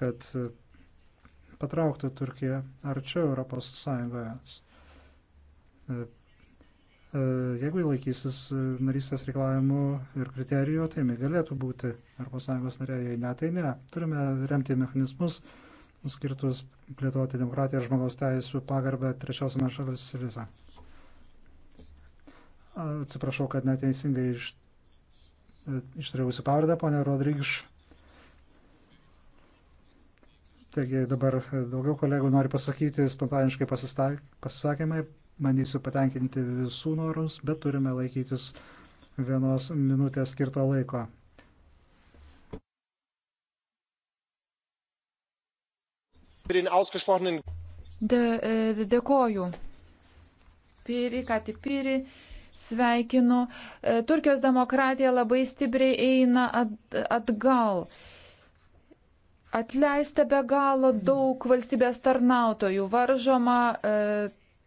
kad patrauktų Turkiją arčiau Europos Sąjungoje. E, e, jeigu jį laikysis narystės reikalavimų ir kriterijų, tai jį galėtų būti Europos Sąjungos narė, jei ne, tai ne. Turime remti mechanizmus skirtus plėtoti demokratiją ir žmogaus teisų pagarbę trečiosiame šalis visą. Atsiprašau, kad neteisingai iš, ištariausi pavardę, ponė Rodrygiš. Taigi dabar daugiau kolegų nori pasakyti spontaniškai pasisakymai. Manysiu patenkinti visų norus, bet turime laikytis vienos minutės skirto laiko. E, de, dėkoju. Pyri, ką tik pyri sveikinu. E, Turkijos demokratija labai stipriai eina atgal atleista be galo daug valstybės tarnautojų, varžoma e,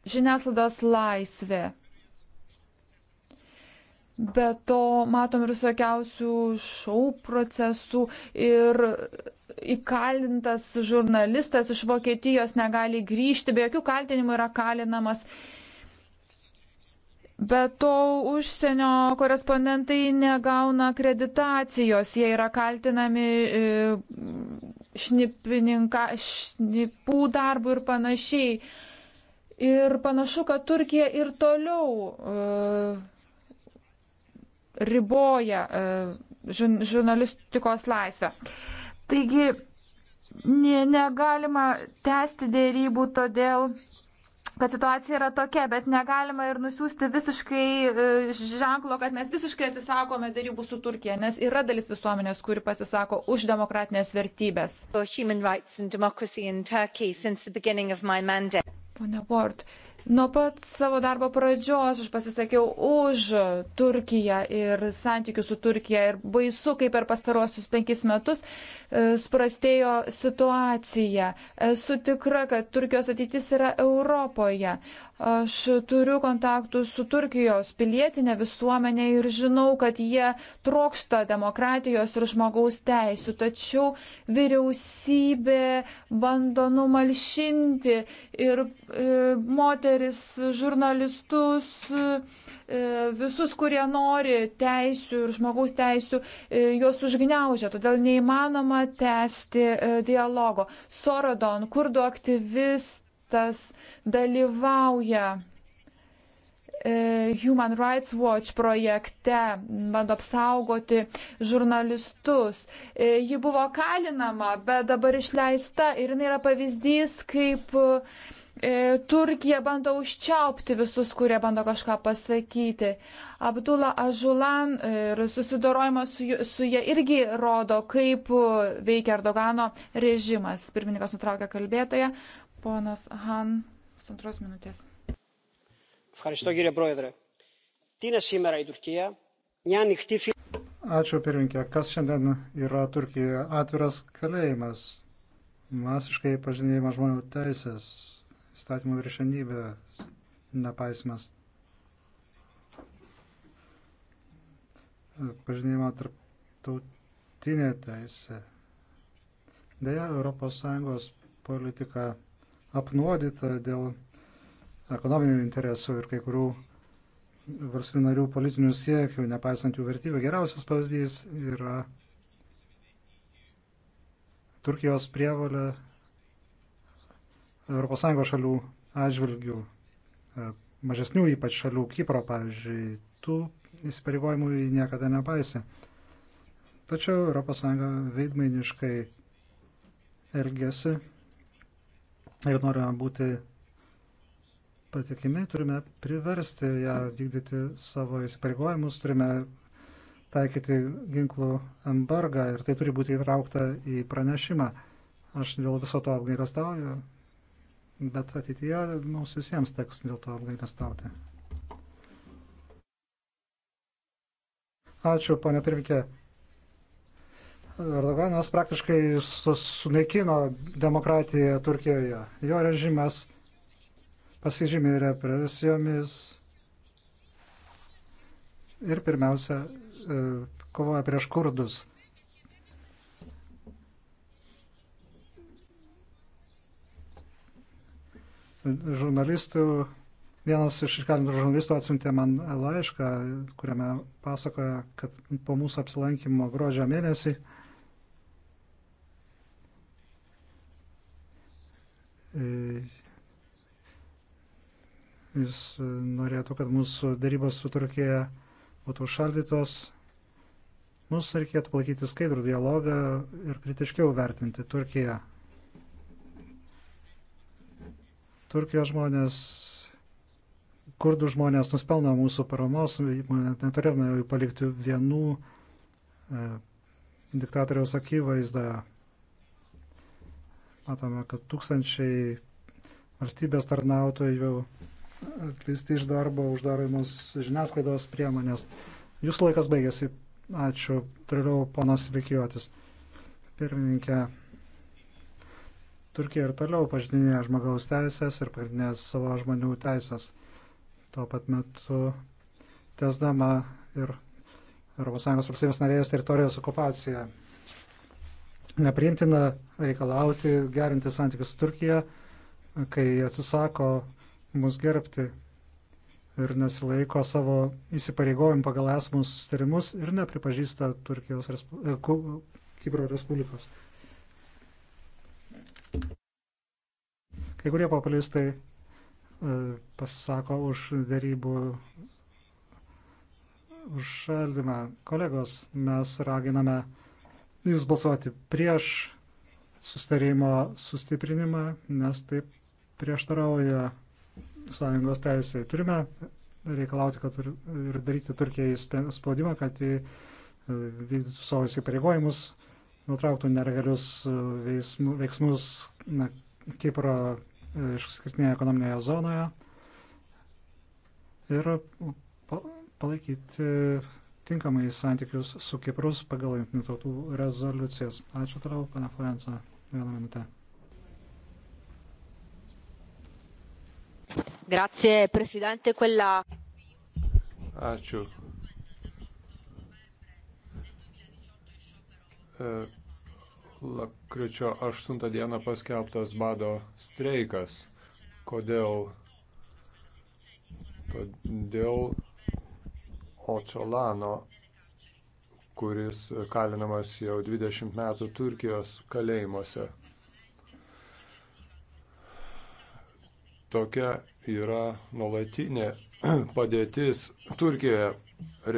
žiniasklaidos laisvė. Be to matom ir visokiausių šau procesų ir įkalintas žurnalistas iš Vokietijos negali grįžti, be jokių kaltinimų yra kalinamas. Be to užsienio korespondentai negauna akreditacijos, jie yra kaltinami e, šnipininką, šnipų darbų ir panašiai. Ir panašu, kad Turkija ir toliau uh, riboja uh, žurnalistikos laisvę. Taigi ne, negalima tęsti dėrybų, todėl kad situacija yra tokia, bet negalima ir nusiųsti visiškai e, ženklo, kad mes visiškai atsisakome darybų su Turkija, nes yra dalis visuomenės, kuri pasisako už demokratinės vertybės. Pone Port, Nuo pat savo darbo pradžios aš pasisakiau už Turkiją ir santykių su Turkija ir baisu, kaip per pastarosius penkis metus e, suprastėjo situacija. Esu tikra, kad Turkijos ateitis yra Europoje. Aš turiu kontaktų su Turkijos pilietinė visuomenė ir žinau, kad jie trokšta demokratijos ir žmogaus teisų, tačiau vyriausybė bando numalšinti ir e, moteris moteris, žurnalistus, e, visus, kurie nori teisių ir žmogaus teisių, e, juos užgneužia, todėl neįmanoma tęsti e, dialogo. Sorodon, kurdų aktyvistas, dalyvauja Human Rights Watch projekte, bando apsaugoti žurnalistus. Ji buvo kalinama, bet dabar išleista ir jinai yra pavyzdys, kaip uh, E, Turkija bando užčiaupti visus, kurie bando kažką pasakyti. Abdullah Ažulan e, ir susidorojimas su, su jie irgi rodo, kaip veikia Erdogano režimas. Pirmininkas nutraukė kalbėtoją. Ponas Han, pusantros minutės. Ačiū pirmininkė. Kas šiandien yra Turkija? Atviras kalėjimas. Masiškai pažinėjimas žmonių teisės statymų viršenybės nepaisimas. Pažinimo tarptautinė teisė. Deja, ES politika apnuodyta dėl ekonominių interesų ir kai kurių valstybių narių politinių siekių, nepaisant jų vertybių. Geriausias pavyzdys yra Turkijos prievalė ES šalių atžvilgių, e, mažesnių ypač šalių, Kipro pavyzdžiui, tų įsipareigojimų niekada nepaisė. Tačiau ES veidmainiškai elgesi ir norime būti patikimi, turime priversti ją vykdyti savo įsipareigojimus, turime taikyti ginklų embargą ir tai turi būti įtraukta į pranešimą. Aš dėl viso to apgailestauju bet ateityje mums visiems teks dėl to apgailestauti. Ačiū, ponia pirmikė. Erdoganas praktiškai sunaikino demokratiją Turkijoje. Jo režimas pasižymė represijomis ir pirmiausia e, kovoja prieš kurdus. žurnalistų, vienas iš iškalintų žurnalistų atsiuntė man laišką, kuriame pasakoja, kad po mūsų apsilankimo gruodžio mėnesį jis norėtų, kad mūsų darybos su Turkija būtų užšaldytos. Mums reikėtų palaikyti skaidrų dialogą ir kritiškiau vertinti Turkiją Turkijos žmonės, kurdų žmonės nuspelno mūsų paramos, neturėjome jų palikti vienų e, diktatoriaus akivaizdą. Matome, kad tūkstančiai valstybės tarnautojų atleisti iš darbo, uždaromus žiniasklaidos priemonės. Jūsų laikas baigėsi. Ačiū. Toliau ponas Vikijotis. Pirmininkė, Turkija ir toliau pažinėja žmogaus teisės ir pagrindinės savo žmonių teisės. Tuo pat metu tesdama ir ES valstybės narės teritorijos okupaciją. Nepriimtina reikalauti gerinti santykius su Turkija, kai atsisako mus gerbti ir nesilaiko savo įsipareigojimų pagal esamus sustarimus ir nepripažįsta Turkijos Respu... Kipro Respublikos. Kai kurie populistai e, pasisako už darybų užšaldymą. Kolegos, mes raginame jūs balsuoti prieš sustarimo sustiprinimą, nes taip prieštarauja sąjungos teisai. Turime reikalauti kad ir daryti Turkijai spaudimą, kad jį e, vykdytų savo įsipareigojimus, nutrauktų neregalius e, veiksmus na, Kipro išskirtinėje ekonominėje zonoje ir palaikyti tinkamai santykius su Kiprus pagal jungtinių tautų rezoliucijas. Ačiū toliau, pana Florenca. Vieną minutę. Grazie, Presidente. Quella... Ačiū. E Lakryčio 8 dieną paskelbtas bado streikas. Kodėl? Todėl Očolano, kuris kalinamas jau 20 metų Turkijos kalėjimuose. Tokia yra nuolatinė padėtis Turkijoje.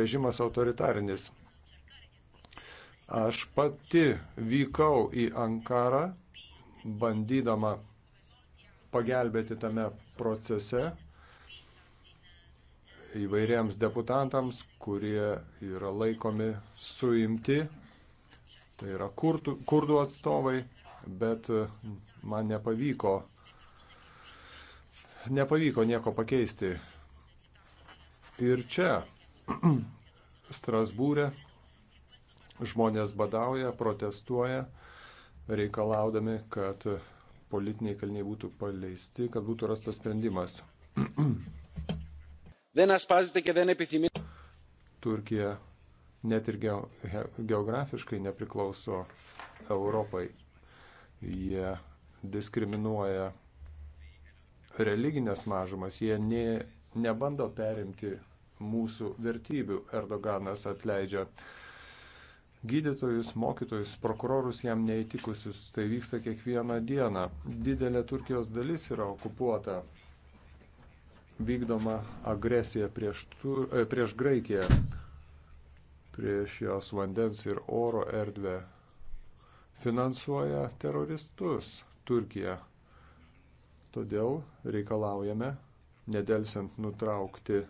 Režimas autoritarinis. Aš pati vykau į Ankarą, bandydama pagelbėti tame procese įvairiems deputantams, kurie yra laikomi suimti, tai yra kurdų, kurdų atstovai, bet man nepavyko, nepavyko nieko pakeisti. Ir čia, Strasbūrė, Žmonės badauja, protestuoja, reikalaudami, kad politiniai kaliniai būtų paleisti, kad būtų rastas sprendimas. Turkija net ir geografiškai nepriklauso Europai. Jie diskriminuoja religinės mažumas, jie ne, nebando perimti mūsų vertybių. Erdoganas atleidžia uh, gydytojus, mokytojus, prokurorus jam neįtikusius. Tai vyksta kiekvieną dieną. Didelė Turkijos dalis yra okupuota. Vykdoma agresija prieš, tur, e, prieš Graikiją, prieš jos vandens ir oro erdvę. Finansuoja teroristus Turkija. Todėl reikalaujame nedelsiant nutraukti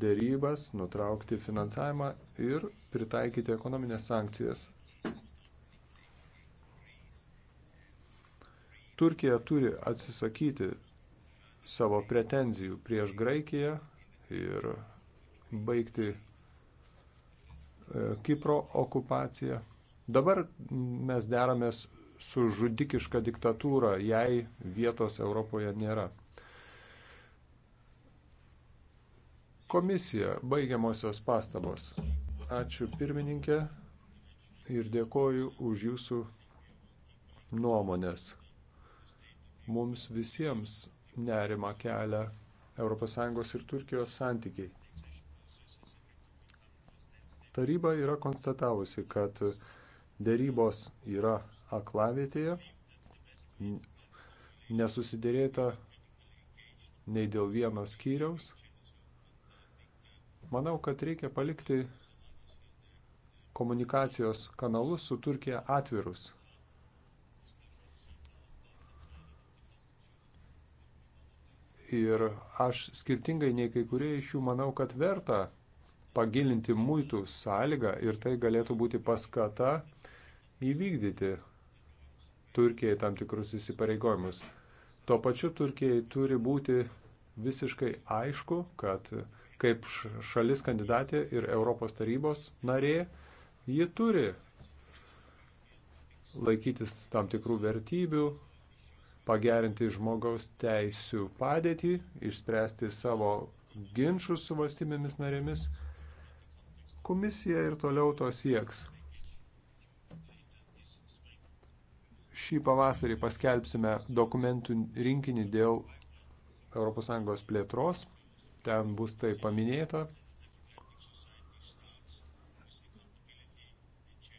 dėrybas, nutraukti finansavimą ir pritaikyti ekonominės sankcijas. Turkija turi atsisakyti savo pretenzijų prieš Graikiją ir baigti e, Kipro okupaciją. Dabar mes deramės su žudikiška diktatūra, jei vietos Europoje nėra. Komisija, baigiamosios pastabos. Ačiū pirmininkė ir dėkoju už jūsų nuomonės. Mums visiems nerima kelia ES ir Turkijos santykiai. Taryba yra konstatavusi, kad dėrybos yra aklavietėje, nesusidėrėta nei dėl vieno skyriaus Manau, kad reikia palikti komunikacijos kanalus su Turkija atvirus. Ir aš skirtingai nei kai kurie iš jų manau, kad verta pagilinti muitų sąlygą ir tai galėtų būti paskata įvykdyti Turkijai tam tikrus įsipareigojimus. Tuo pačiu Turkijai turi būti visiškai aišku, kad kaip šalis kandidatė ir Europos tarybos narė, ji turi laikytis tam tikrų vertybių, pagerinti žmogaus teisių padėtį, išspręsti savo ginčius su valstybėmis narėmis. Komisija ir toliau to sieks. Šį pavasarį paskelbsime dokumentų rinkinį dėl ES plėtros ten bus tai paminėta.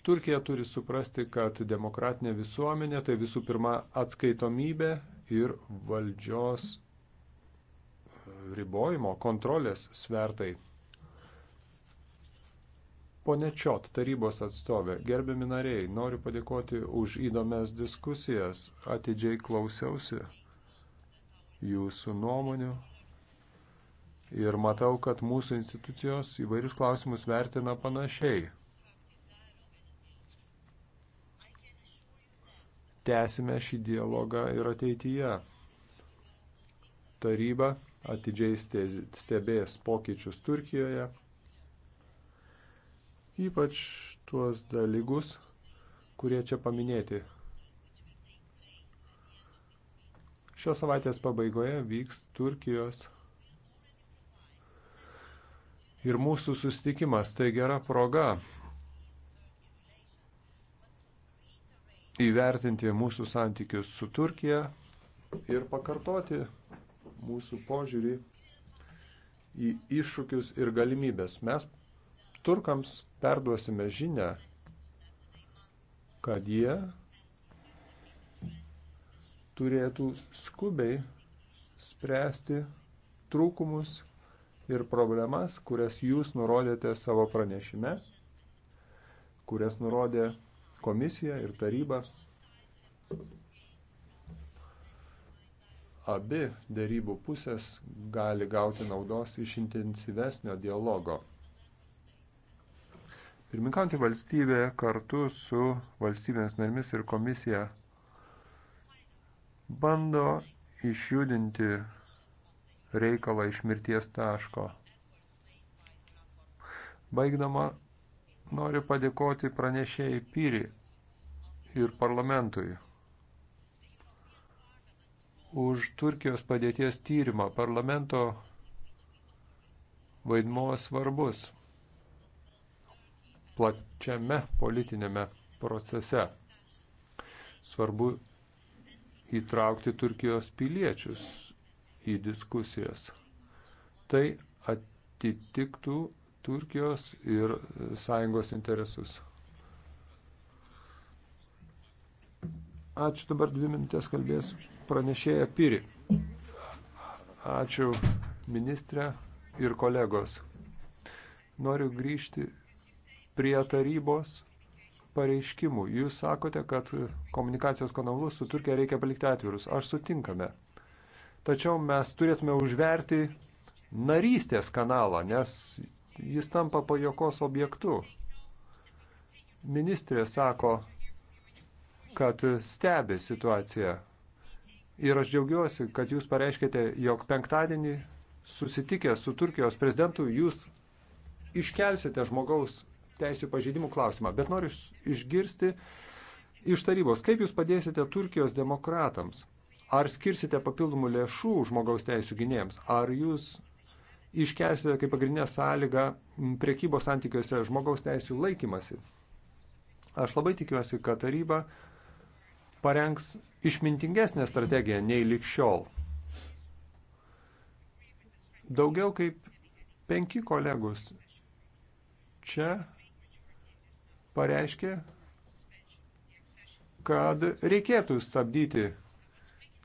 Turkija turi suprasti, kad demokratinė visuomenė tai visų pirma atskaitomybė ir valdžios ribojimo, kontrolės svertai. Pone Čiot, tarybos atstovė, gerbiami nariai, noriu padėkoti už įdomias diskusijas, atidžiai klausiausi jūsų nuomonių, Ir matau, kad mūsų institucijos įvairius klausimus vertina panašiai. Tęsime šį dialogą ir ateityje. Taryba atidžiai stebės pokyčius Turkijoje, ypač tuos dalykus, kurie čia paminėti. Šios savaitės pabaigoje vyks Turkijos ir mūsų sustikimas. Tai gera proga įvertinti mūsų santykius su Turkija ir pakartoti mūsų požiūrį į iššūkius ir galimybės. Mes turkams perduosime žinę, kad jie turėtų skubiai spręsti trūkumus ir problemas, kurias jūs nurodėte savo pranešime, kurias nurodė komisija ir taryba. Abi dėrybų pusės gali gauti naudos iš intensyvesnio dialogo. Pirminkantį valstybė kartu su valstybės narmis ir komisija bando išjudinti reikalą iš mirties taško. Baigdama, noriu padėkoti pranešėjai Pyri ir parlamentui už Turkijos padėties tyrimą. Parlamento vaidmo svarbus plačiame politinėme procese. Svarbu įtraukti Turkijos piliečius į diskusijas. Tai atitiktų Turkijos ir sąjungos interesus. Ačiū dabar dvi minutės kalbės pranešėja Piri. Ačiū ministrė ir kolegos. Noriu grįžti prie tarybos pareiškimų. Jūs sakote, kad komunikacijos kanalus su Turkija reikia palikti atvirus. Aš sutinkame tačiau mes turėtume užverti narystės kanalą, nes jis tampa pajokos objektu. Ministrė sako, kad stebi situaciją. Ir aš džiaugiuosi, kad jūs pareiškite, jog penktadienį susitikę su Turkijos prezidentu jūs iškelsite žmogaus teisų pažeidimų klausimą. Bet noriu išgirsti iš tarybos, kaip jūs padėsite Turkijos demokratams Ar skirsite papildomų lėšų žmogaus teisų gynėjams? Ar jūs iškesite kaip pagrindinę sąlygą priekybos santykiuose žmogaus teisų laikymasi? Aš labai tikiuosi, kad taryba parengs išmintingesnę strategiją nei likščiol. Daugiau kaip penki kolegus čia pareiškė, kad reikėtų stabdyti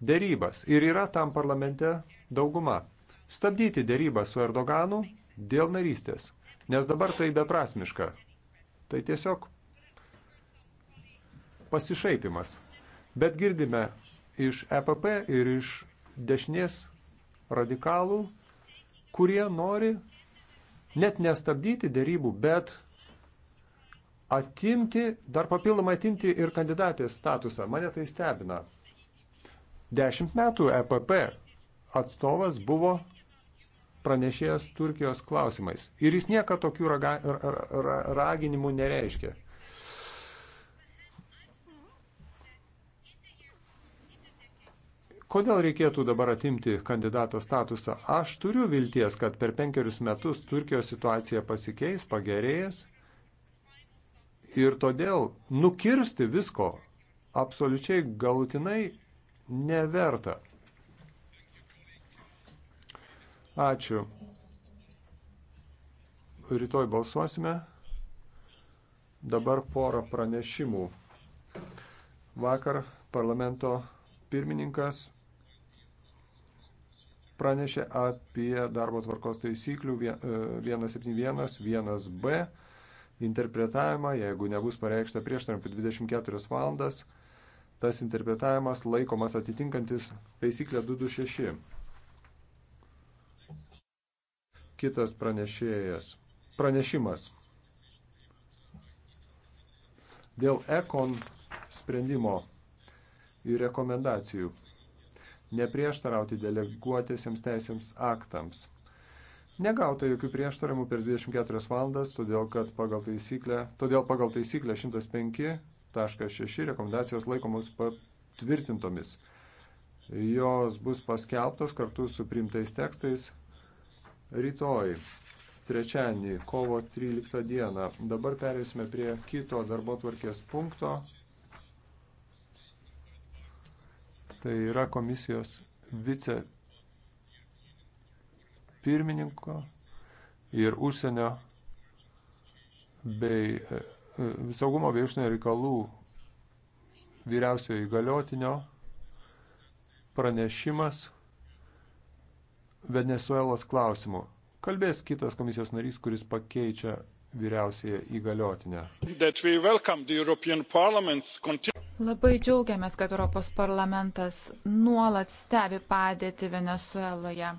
dėrybas ir yra tam parlamente dauguma. Stabdyti dėrybą su Erdoganu dėl narystės, nes dabar tai beprasmiška. Tai tiesiog pasišaipimas. Bet girdime iš EPP ir iš dešinės radikalų, kurie nori net nestabdyti dėrybų, bet atimti, dar papildomai atimti ir kandidatės statusą. Mane tai stebina. Dešimt metų EPP atstovas buvo pranešėjas Turkijos klausimais. Ir jis nieko tokių raga, ra, ra, raginimų nereiškia. Kodėl reikėtų dabar atimti kandidato statusą? Aš turiu vilties, kad per penkerius metus Turkijos situacija pasikeis, pagerės ir todėl nukirsti visko absoliučiai galutinai neverta. Ačiū. Rytoj balsuosime. Dabar porą pranešimų. Vakar parlamento pirmininkas pranešė apie darbo tvarkos taisyklių 171, 1b e, interpretavimą, jeigu nebus pareikšta prieštarimų 24 valandas tas interpretavimas laikomas atitinkantis taisyklę 226. Kitas pranešėjas. Pranešimas. Dėl ekon sprendimo ir rekomendacijų neprieštarauti deleguotėsiems teisėms aktams. Negauta jokių prieštaramų per 24 valandas, todėl, kad pagal taisyklę, todėl pagal taisyklę 105 1.6 rekomendacijos laikomos patvirtintomis. Jos bus paskelbtos kartu su primtais tekstais rytoj, trečiadienį, kovo 13 dieną. Dabar perėsime prie kito darbo tvarkės punkto. Tai yra komisijos vice pirmininko ir užsienio bei saugumo bei užsienio reikalų vyriausiojo įgaliotinio pranešimas Venezuelos klausimu. Kalbės kitas komisijos narys, kuris pakeičia vyriausiąją įgaliotinę. Labai džiaugiamės, kad Europos parlamentas nuolat stebi padėti Venezueloje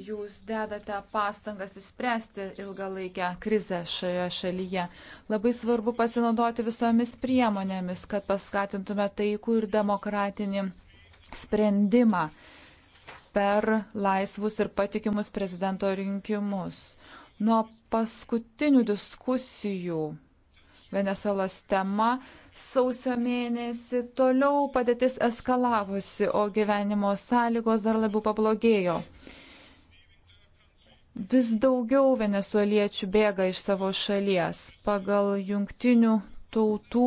jūs dedate pastangas įspręsti ilgalaikę krizę šioje šalyje. Labai svarbu pasinaudoti visomis priemonėmis, kad paskatintume taikų ir demokratinį sprendimą per laisvus ir patikimus prezidento rinkimus. Nuo paskutinių diskusijų Venezuelos tema sausio mėnesį toliau padėtis eskalavosi, o gyvenimo sąlygos dar labiau pablogėjo. Vis daugiau venezueliečių bėga iš savo šalies. Pagal jungtinių tautų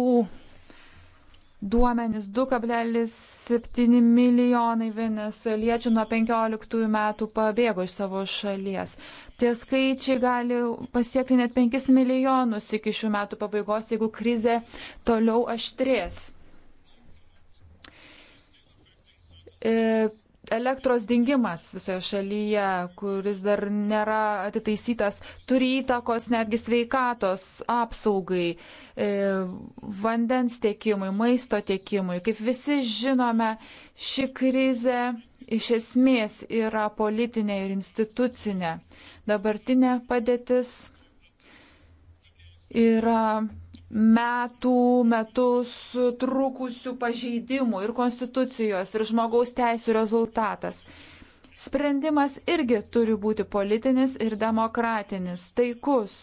duomenis 2,7 milijonai venezueliečių nuo 15 metų pabėgo iš savo šalies. Tie skaičiai gali pasiekti net 5 milijonus iki šių metų pabaigos, jeigu krizė toliau aštrės. E, elektros dingimas visoje šalyje, kuris dar nėra atitaisytas, turi įtakos netgi sveikatos apsaugai, e, vandens tiekimui, maisto tiekimui. Kaip visi žinome, ši krizė iš esmės yra politinė ir institucinė. Dabartinė padėtis yra metų metus trukusių pažeidimų ir konstitucijos, ir žmogaus teisų rezultatas. Sprendimas irgi turi būti politinis ir demokratinis, taikus,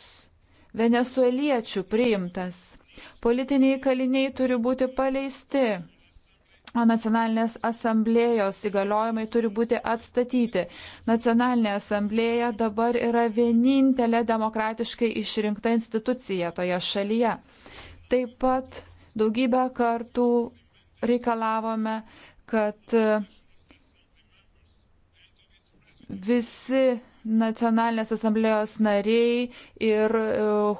venezueliečių priimtas. Politiniai kaliniai turi būti paleisti. O nacionalinės asamblėjos įgaliojimai turi būti atstatyti. Nacionalinė asamblėja dabar yra vienintelė demokratiškai išrinkta institucija toje šalyje. Taip pat daugybę kartų reikalavome, kad visi nacionalinės asamblėjos nariai ir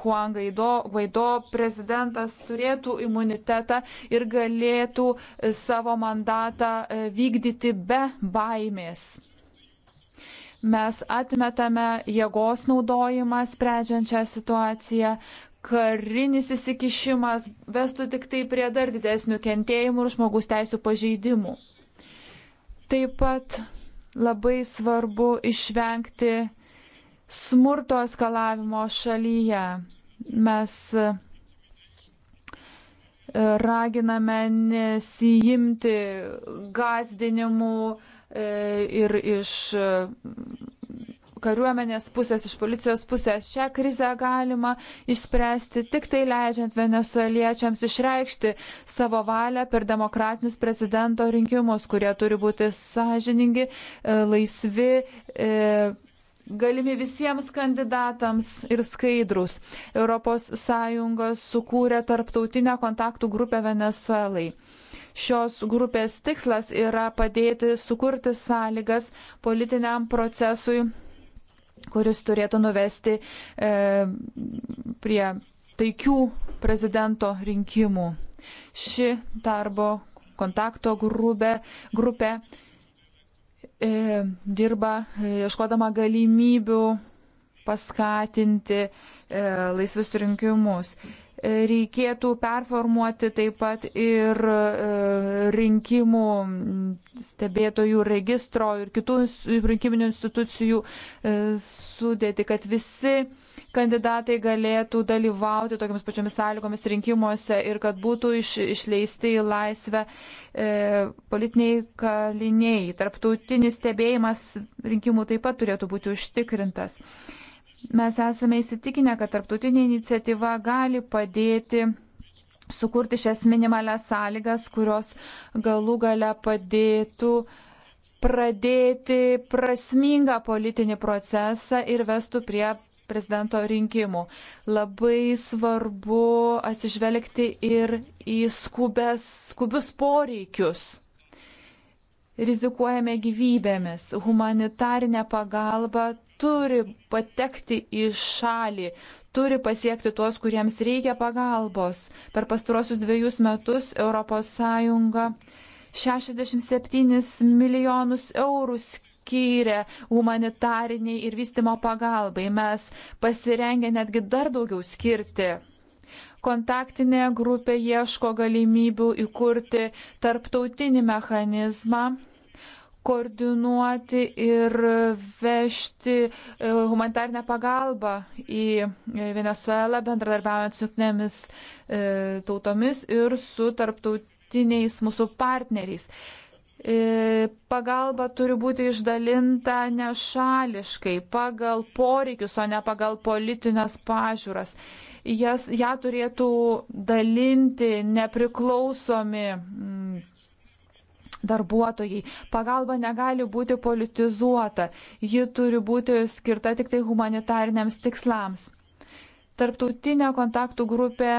Juan e, Guaido prezidentas turėtų imunitetą ir galėtų e, savo mandatą e, vykdyti be baimės. Mes atmetame jėgos naudojimą sprendžiančią situaciją, karinis įsikišimas vestų tik tai prie dar didesnių kentėjimų ir žmogus teisų pažeidimų. Taip pat Labai svarbu išvengti smurto eskalavimo šalyje. Mes e, raginame nesijimti gazdinimų e, ir iš kariuomenės pusės, iš policijos pusės. Šią krizę galima išspręsti tik tai leidžiant venezueliečiams išreikšti savo valią per demokratinius prezidento rinkimus, kurie turi būti sąžiningi, e, laisvi. E, galimi visiems kandidatams ir skaidrus. ES sukūrė tarptautinę kontaktų grupę Venezuelai. Šios grupės tikslas yra padėti sukurti sąlygas politiniam procesui kuris turėtų nuvesti e, prie taikių prezidento rinkimų. Ši darbo kontakto grubė, grupė e, dirba e, ieškodama e, galimybių paskatinti e, laisvus rinkimus reikėtų performuoti taip pat ir e, rinkimų stebėtojų registro ir kitų rinkiminių institucijų e, sudėti, kad visi kandidatai galėtų dalyvauti tokiamis pačiomis sąlygomis rinkimuose ir kad būtų iš, išleisti į laisvę e, politiniai kaliniai. Tarptautinis stebėjimas rinkimų taip pat turėtų būti užtikrintas. E, Mes esame įsitikinę, kad tarptautinė iniciatyva gali padėti sukurti šias minimales sąlygas, kurios galų gale padėtų pradėti prasmingą politinį procesą ir vestų prie prezidento rinkimų. Labai svarbu atsižvelgti ir į skubes, skubius poreikius. Rizikuojame gyvybėmis. Humanitarinė pagalba turi patekti į šalį, turi pasiekti tuos, kuriems reikia pagalbos. Per pastarosius dviejus metus ES 67 milijonus eurų skyrė humanitariniai ir vystimo pagalbai. Mes pasirengę netgi dar daugiau skirti. Kontaktinė grupė ieško galimybių įkurti tarptautinį mechanizmą koordinuoti ir vežti e, humanitarnę pagalbą į e, Venezuelą, bendradarbiaujant su jungtinėmis e, tautomis ir su tarptautiniais mūsų partneriais. Pagalba turi būti išdalinta nešališkai, pagal poreikius, o ne pagal politinės pažiūras. Jas, ją turėtų dalinti nepriklausomi. Mm, darbuotojai. Pagalba negali būti politizuota, ji turi būti skirta tik tai humanitariniams tikslams. Tarptautinė kontaktų grupė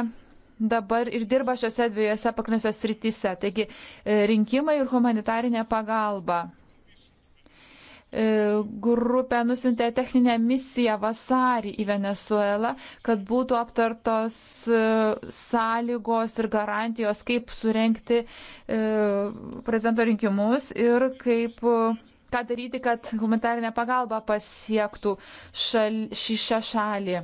dabar ir dirba šiuose dviejose pakriniuose srityse, taigi e, rinkimai ir humanitarinė pagalba. E, grupė nusintė techninę misiją vasarį į Venezuelą, kad būtų aptartos e, sąlygos ir garantijos, kaip surenkti e, prezidento rinkimus ir kaip ką daryti, kad humanitarinė pagalba pasiektų šal, šį šią šalį.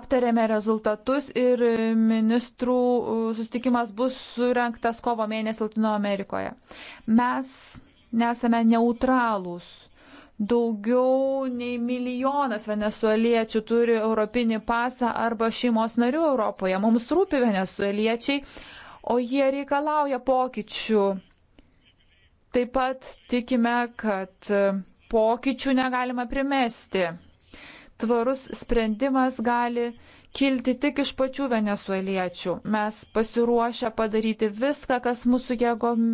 Aptarėme rezultatus ir ministrų sustikimas bus surinktas kovo mėnesį Latino Amerikoje. Mes nesame neutralūs. Daugiau nei milijonas venezueliečių turi europinį pasą arba šeimos narių Europoje. Mums rūpi venezueliečiai, o jie reikalauja pokyčių. Taip pat tikime, kad pokyčių negalima primesti. Tvarus sprendimas gali kilti tik iš pačių venezueliečių. Mes pasiruošę padaryti viską, kas mūsų jėgom,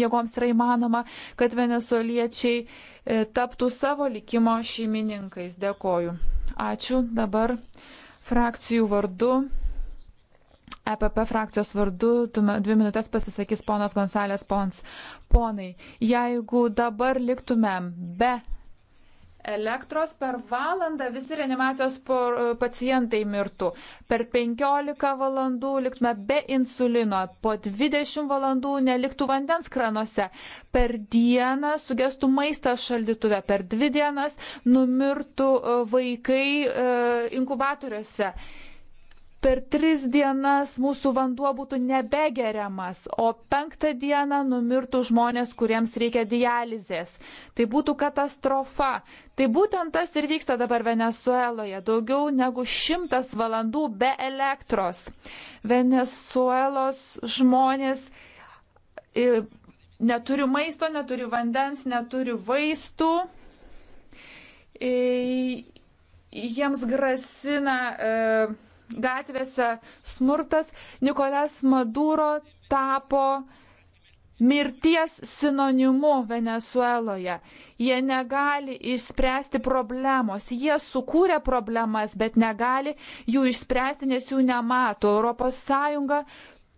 jėgoms yra įmanoma, kad venezueliečiai e, taptų savo likimo šeimininkais. Dėkoju. Ačiū dabar frakcijų vardu. EPP frakcijos vardu dvi minutės pasisakys ponas Gonsalės Pons. Ponai, jeigu dabar liktumėm be elektros, per valandą visi reanimacijos pacientai mirtų. Per 15 valandų liktume be insulino, po 20 valandų neliktų vandens kranuose, per dieną sugestų maistas šaldytuve, per dvi dienas numirtų e, vaikai e, inkubatoriuose per tris dienas mūsų vanduo būtų nebegeriamas, o penktą dieną numirtų žmonės, kuriems reikia dializės. Tai būtų katastrofa. Tai būtent tas ir vyksta dabar Venezueloje. Daugiau negu šimtas valandų be elektros. Venezuelos žmonės e, neturi maisto, neturi vandens, neturi vaistų. E, jiems grasina. E, gatvėse smurtas, Nikolas Maduro tapo mirties sinonimu Venezueloje. Jie negali išspręsti problemos. Jie sukūrė problemas, bet negali jų išspręsti, nes jų nemato. ES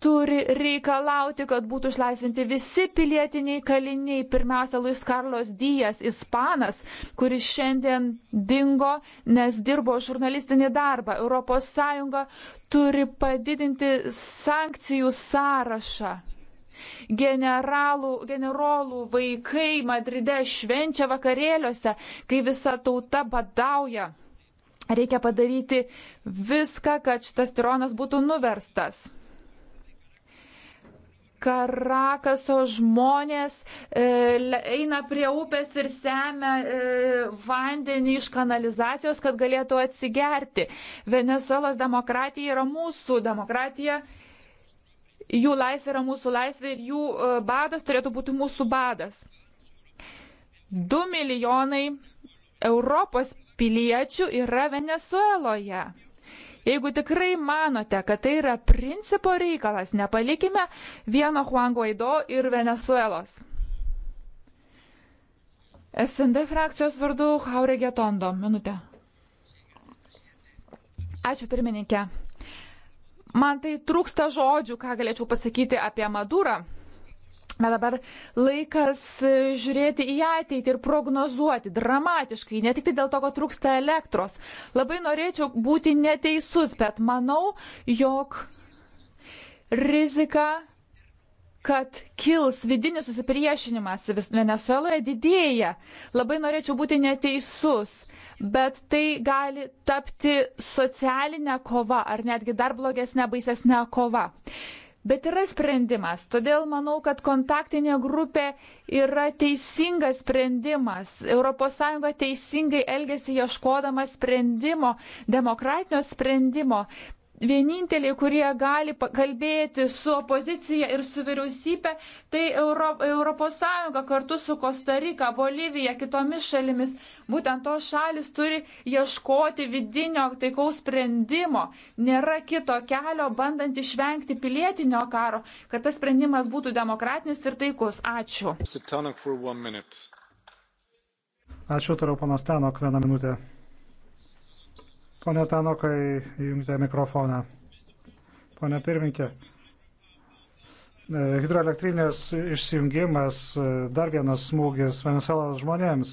turi reikalauti, kad būtų išlaisvinti visi pilietiniai kaliniai. Pirmiausia, Luis Carlos Dijas, ispanas, kuris šiandien dingo, nes dirbo žurnalistinį darbą. ES turi padidinti sankcijų sąrašą. Generalų, generolų vaikai Madride švenčia vakarėliuose, kai visa tauta badauja. Reikia padaryti viską, kad šitas tironas būtų nuverstas. Karakaso žmonės e, eina prie upės ir semia e, vandenį iš kanalizacijos, kad galėtų atsigerti. Venezuelos demokratija yra mūsų demokratija. Jų laisvė yra mūsų laisvė ir jų e, badas turėtų būti mūsų badas. 2 milijonai Europos piliečių yra Venezueloje. Jeigu tikrai manote, kad tai yra principo reikalas, nepalikime vieno Juan Guaido ir Venezuelos. SND frakcijos vardu Haurė Getondo. Minutė. Ačiū pirmininkė. Man tai trūksta žodžių, ką galėčiau pasakyti apie Madurą. Bet dabar laikas e, žiūrėti į ateitį ir prognozuoti dramatiškai, ne tik tai dėl to, kad trūksta elektros. Labai norėčiau būti neteisus, bet manau, jog rizika, kad kils vidinis susipriešinimas Venezueloje didėja. Labai norėčiau būti neteisus, bet tai gali tapti socialinė kova ar netgi dar blogesnė, baisesnė kova. Bet yra sprendimas. Todėl manau, kad kontaktinė grupė yra teisingas sprendimas. ES teisingai elgesi ieškodama sprendimo, demokratinio sprendimo vieninteliai, kurie gali kalbėti su opozicija ir su vyriausybė, tai Euro, Europos Sąjunga kartu su Kostarika, Bolivija, kitomis šalimis. Būtent tos šalis turi ieškoti vidinio taikaus sprendimo. Nėra kito kelio, bandant išvengti pilietinio karo, kad tas sprendimas būtų demokratinis ir taikus. Ačiū. Ačiū, turiu panas Tenok, vieną minutę. Pone Tanokai, jungite mikrofoną. Pone pirminkė, e, hidroelektrinės išsijungimas e, dar vienas smūgis Venezuelos žmonėms.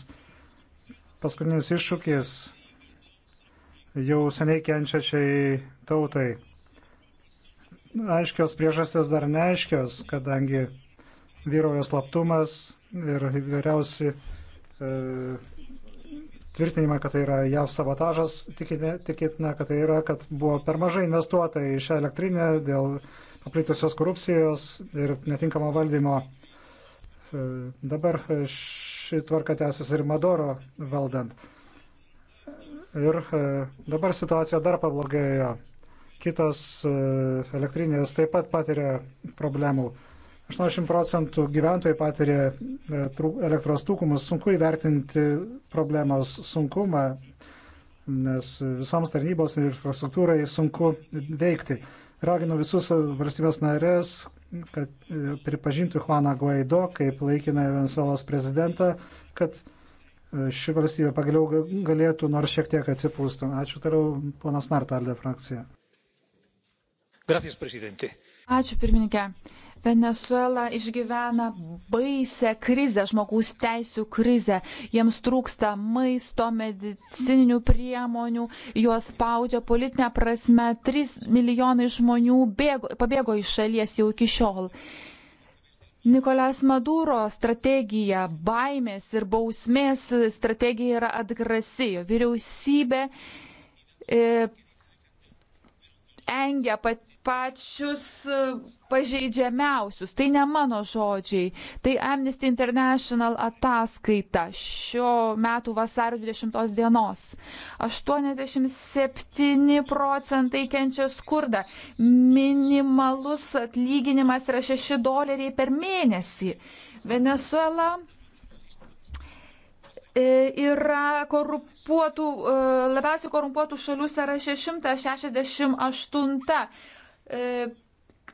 Paskutinis iššūkis jau seniai kenčiačiai tautai. Aiškios priežastės dar neaiškios, kadangi vyrauja slaptumas ir įvairiausi e, tvirtinimą, kad tai yra JAV sabotažas, tikėtina, kad tai yra, kad buvo per mažai investuota į šią elektrinę dėl paplitusios korupcijos ir netinkamo valdymo. E, dabar ši tvarka tęsis ir Madoro valdant. Ir e, dabar situacija dar pablogėjo. Kitos e, elektrinės taip pat patiria problemų. 80 procentų gyventojai patiria e, elektros trūkumus, sunku įvertinti problemos sunkumą, nes visoms tarnybos ir infrastruktūrai sunku veikti. Raginu visus valstybės narės, kad e, pripažintų Juaną Guaido kaip laikiną Venezuelos prezidentą, kad e, ši valstybė pagaliau galėtų nors šiek tiek atsipūstų. Ačiū toliau, ponas Nartaldė frakcija. Gracias, prezidentė. Ačiū, pirmininkė. Venezuela išgyvena baisę krizę, žmogaus teisų krizę. Jiems trūksta maisto, medicininių priemonių, juos spaudžia politinė prasme. 3 milijonai žmonių bėgo, pabėgo iš šalies jau iki šiol. Nikolas Maduro strategija baimės ir bausmės strategija yra atgrasi. Vyriausybė e, engia pačius e, pažeidžiamiausius. Tai ne mano žodžiai, tai Amnesty International ataskaita šio metų vasario 20 dienos. 87 procentai kenčia skurdą, minimalus atlyginimas yra 6 doleriai per mėnesį. Venezuela E, yra korumpuotų, e, labiausiai korumpuotų šalių sąraše 168. E,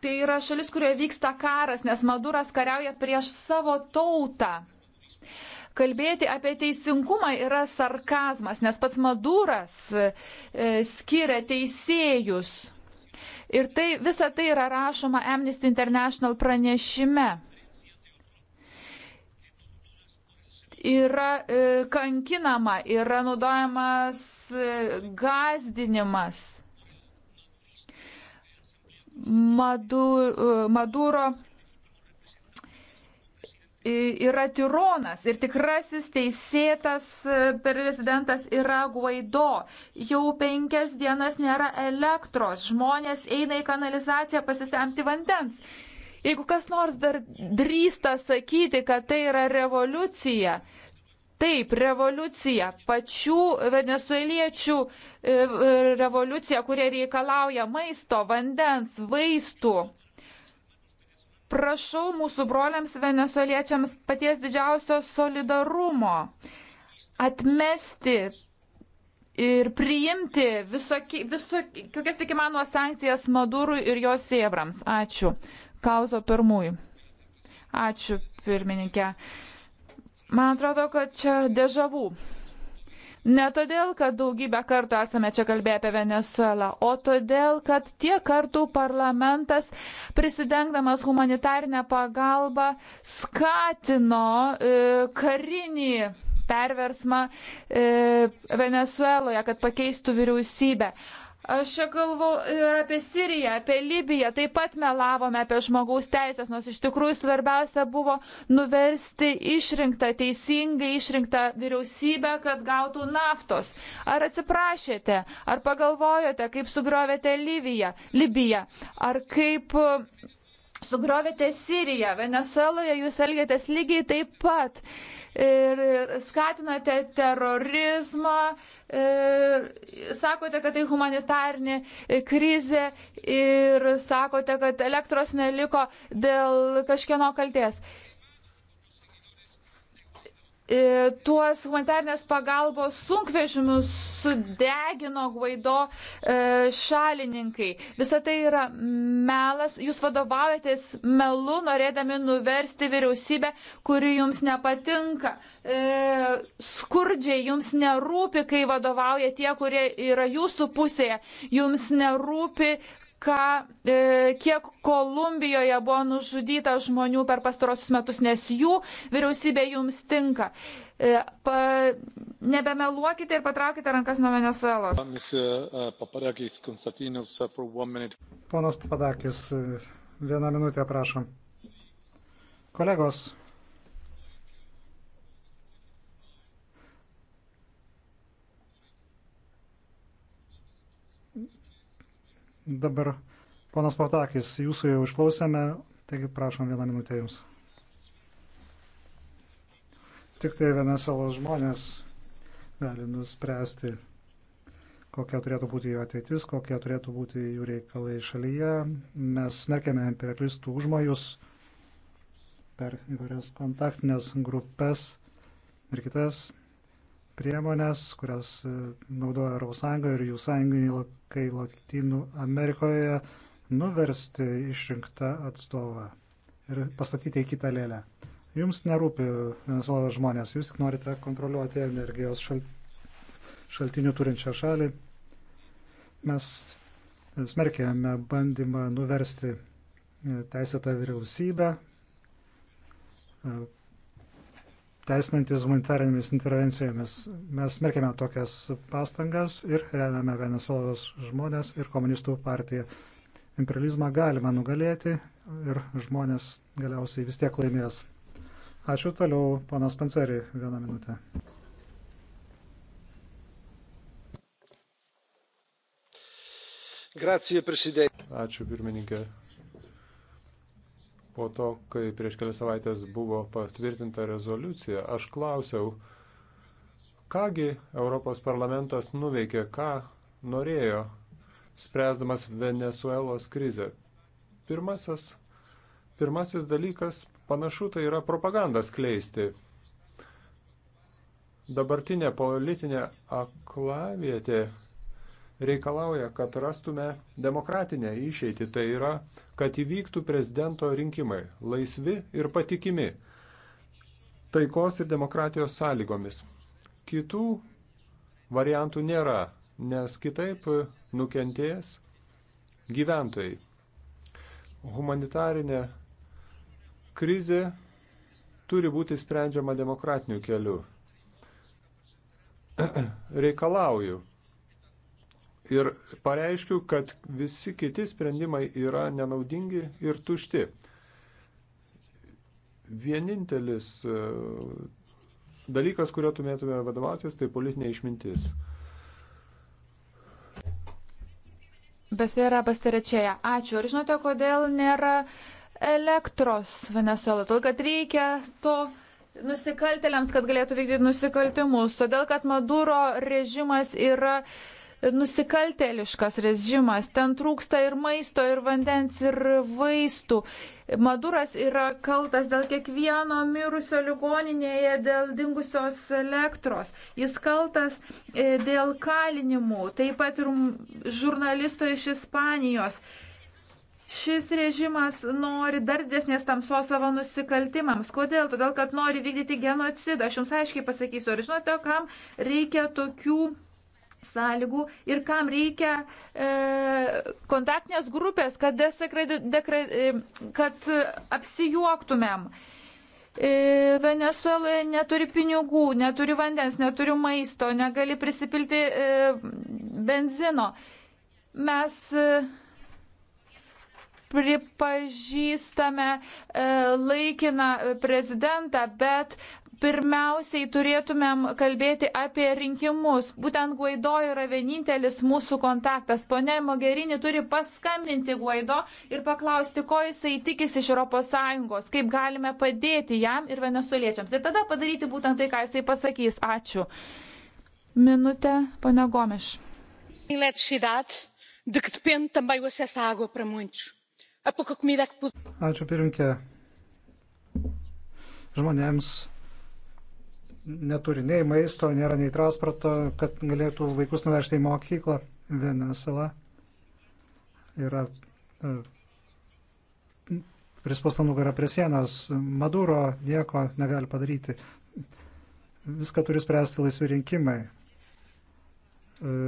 tai yra šalis, kurioje vyksta karas, nes Maduras kariauja prieš savo tautą. Kalbėti apie teisingumą yra sarkazmas, nes pats Maduras skiria teisėjus. Ir tai, visa tai yra rašoma Amnesty International pranešime. yra e, kankinama, yra naudojamas e, gazdinimas. Madu, e, Maduro yra tyronas ir tikrasis teisėtas prezidentas yra Guaido. Jau penkias dienas nėra elektros, žmonės eina į kanalizaciją pasisemti vandens. Jeigu kas nors dar drįsta sakyti, kad tai yra revoliucija, taip, revoliucija, pačių venezueliečių e, e, revoliucija, kurie reikalauja maisto, vandens, vaistų. Prašau mūsų broliams venezueliečiams paties didžiausio solidarumo atmesti ir priimti visokias tik įmanoma sankcijas Madurui ir jos sėbrams. Ačiū kauzo pirmųjų. Ačiū, pirmininkė. Man atrodo, kad čia dėžavų. Ne todėl, kad daugybę kartų esame čia kalbėję apie Venezuelą, o todėl, kad tie kartų parlamentas, prisidengdamas humanitarinę pagalbą, skatino e, karinį perversmą e, Venezueloje, kad pakeistų vyriausybę. Aš čia galvau ir apie Siriją, apie Libiją, taip pat melavome apie žmogaus teisės, nors iš tikrųjų svarbiausia buvo nuversti išrinktą, teisingai išrinktą vyriausybę, kad gautų naftos. Ar atsiprašėte, ar pagalvojote, kaip sugriovėte Libiją, Libiją ar kaip sugriovėte Siriją, Venezueloje jūs elgėtės lygiai taip pat ir skatinate terorizmą, sakote, kad tai humanitarnė krizė ir sakote, kad elektros neliko dėl kažkieno kalties. E, tuos humanitarnės pagalbos sunkvežimius sudegino Guaido e, šalininkai. Visa tai yra melas. Jūs vadovaujatės melu, norėdami nuversti vyriausybę, kuri jums nepatinka. E, skurdžiai jums nerūpi, kai vadovauja tie, kurie yra jūsų pusėje. Jums nerūpi ką, e, kiek Kolumbijoje buvo nužudyta žmonių per pastarosius metus, nes jų vyriausybė jums tinka. E, pa, nebemeluokite ir patraukite rankas nuo Venezuelos. Uh, uh, Ponas Papadakis, uh, vieną minutę prašom. Kolegos, Dabar ponas Patakis, jūsų jau išklausėme, taigi prašom vieną minutę jums. Tik tai Venezuelos žmonės gali nuspręsti, kokia turėtų būti jų ateitis, kokie turėtų būti jų reikalai šalyje. Mes smerkėme imperialistų užmojus per įvairias kontaktinės grupės ir kitas priemonės, kurias e, naudoja Europos Sąjunga ir jų sąjungininkai Latinų Amerikoje, nuversti išrinktą atstovą ir pastatyti į kitą lėlę. Jums nerūpi Venezuelos žmonės, jūs tik norite kontroliuoti energijos šal... šaltinių turinčią šalį. Mes e, smerkėme bandymą nuversti e, teisėtą vyriausybę, teisinantis humanitarinėmis intervencijomis. Mes smerkėme tokias pastangas ir remiame Venezuelos žmonės ir komunistų partiją. Imperializmą galima nugalėti ir žmonės galiausiai vis tiek laimės. Ačiū toliau, ponas Panceri, vieną minutę. Grazie, Ačiū pirmininkė po to, kai prieš kelias savaitės buvo patvirtinta rezoliucija, aš klausiau, kągi Europos parlamentas nuveikė, ką norėjo, spręsdamas Venezuelos krizę. Pirmasis, pirmasis dalykas panašu tai yra propaganda skleisti. Dabartinė politinė aklavietė reikalauja, kad rastume demokratinę išeitį, tai yra, kad įvyktų prezidento rinkimai laisvi ir patikimi, taikos ir demokratijos sąlygomis. Kitų variantų nėra, nes kitaip nukentės gyventojai. Humanitarinė krizė turi būti sprendžiama demokratiniu keliu. Reikalauju ir pareiškiu, kad visi kiti sprendimai yra nenaudingi ir tušti. Vienintelis e, dalykas, kurio turėtume vadovautis, tai politinė išmintis. Besėra Basterečėja. Ačiū. Ar žinote, kodėl nėra elektros Venezuela? Todėl, kad reikia to nusikaltėliams, kad galėtų vykdyti nusikaltimus. Todėl, kad Maduro režimas yra nusikalteliškas režimas, ten trūksta ir maisto, ir vandens, ir vaistų. Maduras yra kaltas dėl kiekvieno mirusio ligoninėje, dėl dingusios elektros. Jis kaltas e, dėl kalinimų, taip pat ir žurnalisto iš Ispanijos. Šis režimas nori dar didesnės tamsos savo nusikaltimams. Kodėl? Todėl, kad nori vykdyti genocidą. Aš jums aiškiai pasakysiu, ar žinote, kam reikia tokių sąlygų ir kam reikia e, kontaktinės grupės, kad, dekra, e, kad apsijuoktumėm. E, Venezuela neturi pinigų, neturi vandens, neturi maisto, negali prisipilti e, benzino. Mes e, pripažįstame e, laikiną prezidentą, bet pirmiausiai turėtumėm kalbėti apie rinkimus. Būtent Guaido yra vienintelis mūsų kontaktas. Pone Mogerini turi paskambinti Guaido ir paklausti, ko jisai tikisi iš ES, kaip galime padėti jam ir venesuliečiams. Ir tada padaryti būtent tai, ką jisai pasakys. Ačiū. Minutė, pane Gomeš. Ačiū pirmkė. Žmonėms neturi nei maisto, nėra nei transporto, kad galėtų vaikus nuvežti į mokyklą. Venezuela yra e, prispausta nugara prie sienos. Maduro nieko negali padaryti. Viską turi spręsti laisvi rinkimai. E,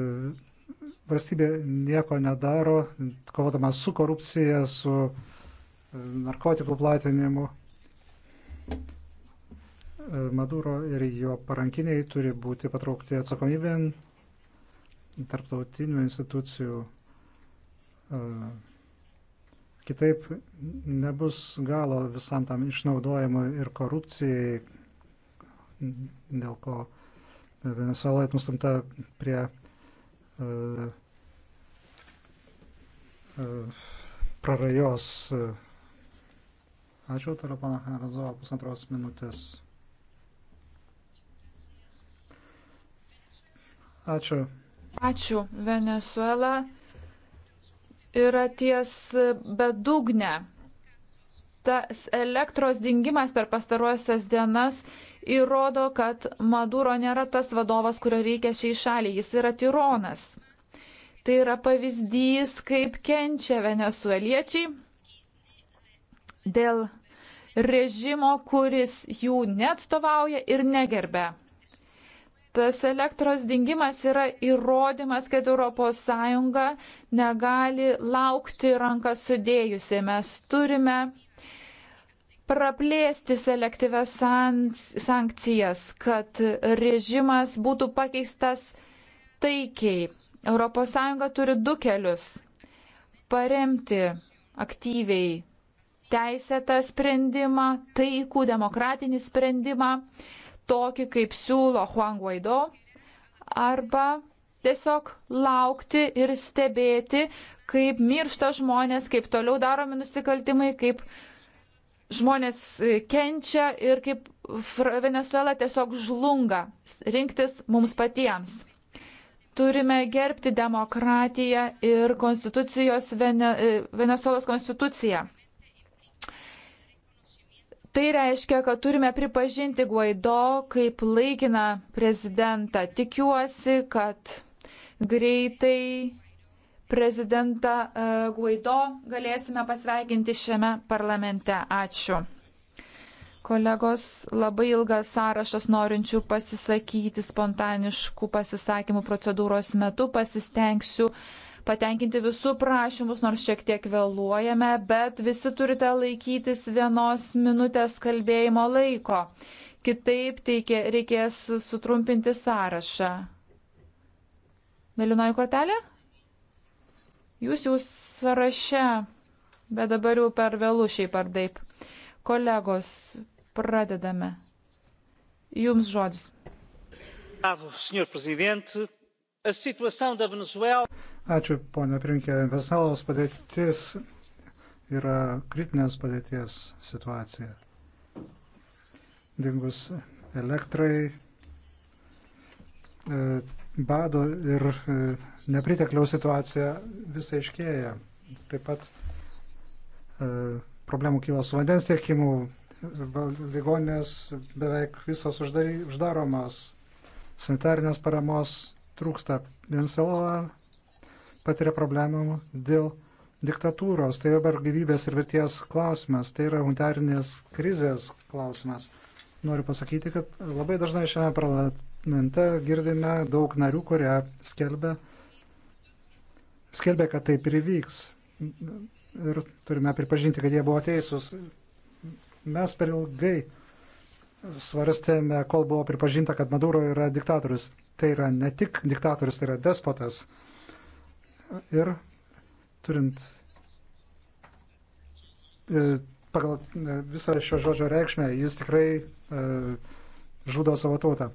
valstybė nieko nedaro, kovodama su korupcija, su e, narkotikų platinimu. Maduro ir jo parankiniai turi būti patraukti atsakomybėn tarptautinių institucijų. E, kitaip nebus galo visam tam išnaudojimui ir korupcijai, dėl ko Venezuela nustumta prie uh, uh, prarajos. Ačiū, toliau pana Harazovo pusantros minutės. Ačiū. Ačiū. Venezuela yra ties bedugne. Tas elektros dingimas per pastaruosias dienas įrodo, kad Maduro nėra tas vadovas, kurio reikia šiai šaliai. Jis yra tyronas. Tai yra pavyzdys, kaip kenčia venezueliečiai dėl režimo, kuris jų neatstovauja ir negerbė tas elektros dingimas yra įrodymas, kad ES negali laukti ranką sudėjusi. Mes turime praplėsti selektyves sankcijas, kad režimas būtų pakeistas taikiai. ES turi du kelius - paremti aktyviai teisėtą sprendimą, taikų demokratinį sprendimą tokį, kaip siūlo Juan Guaido, arba tiesiog laukti ir stebėti, kaip miršta žmonės, kaip toliau daromi nusikaltimai, kaip žmonės e, kenčia ir kaip Venezuela tiesiog žlunga rinktis mums patiems. Turime gerbti demokratiją ir e, Venezuelos konstituciją. Tai reiškia, kad turime pripažinti Guaido kaip laikiną prezidentą. Tikiuosi, kad greitai prezidentą e, Guaido galėsime pasveikinti šiame parlamente. Ačiū. Kolegos, labai ilgas sąrašas norinčių pasisakyti spontaniškų pasisakymų procedūros metu. Pasistengsiu patenkinti visų prašymus, nors šiek tiek vėluojame, bet visi turite laikytis vienos minutės kalbėjimo laiko. Kitaip teikė, reikės sutrumpinti sąrašą. Melinoji kortelė? Jūs jau sąraše, bet dabar jau per vėlų šiaip ar taip. Kolegos, pradedame. Jums žodis. Senhor Presidente, a situação da Venezuela. Ačiū, ponia Prinkė. Vesalos padėtis yra kritinės padėties situacija. Dingus elektrai, e, bado ir e, nepritekliaus situacija visai iškėja. Taip pat e, problemų kyla su vandens tiekimu, ligoninės beveik visos uždaromos, sanitarinės paramos trūksta. Venezuela patiria problemų dėl diktatūros. Tai dabar gyvybės ir verties klausimas, tai yra humanitarinės krizės klausimas. Noriu pasakyti, kad labai dažnai šiame parlamente girdime daug narių, kurie skelbia, skelbia kad taip ir vyks. Ir turime pripažinti, kad jie buvo teisūs. Mes per ilgai svarstėme, kol buvo pripažinta, kad Maduro yra diktatorius. Tai yra ne tik diktatorius, tai yra despotas ir turint e, pagal e, visą šio žodžio reikšmę, jis tikrai e, žudo savo tautą.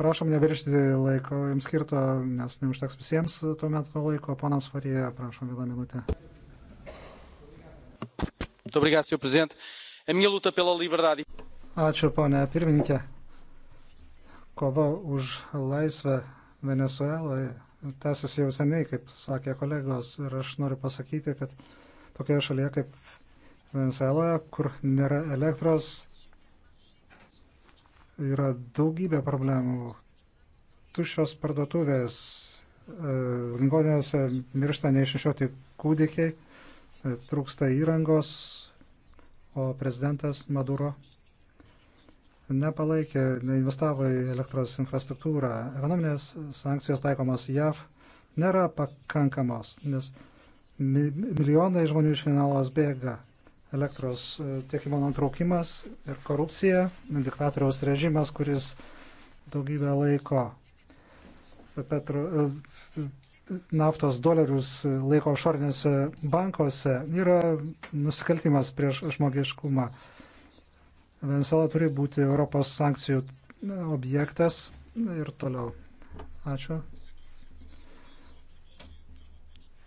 Prašom neviršti laiko jums skirto, nes neužteks visiems tuo metu laiko. Ponas Farija, prašom vieną minutę. Ačiū, ponė pirmininkė. Kova už laisvę Venezueloje tęsiasi jau seniai, kaip sakė kolegos, ir aš noriu pasakyti, kad tokioje šalyje kaip Venezueloje, kur nėra elektros, yra daugybė problemų. Tuščios parduotuvės, e, lingonėse miršta neišnešioti kūdikiai, e, trūksta įrangos, o prezidentas Maduro nepalaikė, neinvestavo į elektros infrastruktūrą. Ekonominės sankcijos taikomos JAV nėra pakankamos, nes milijonai žmonių iš finalos bėga. Elektros e, tiekimo nutraukimas ir korupcija, diktatoriaus režimas, kuris daugybę laiko e, petro, e, naftos dolerius laiko išorinėse bankuose, yra nusikaltimas prieš žmogiškumą. Venezuela turi būti Europos sankcijų objektas ir toliau. Ačiū.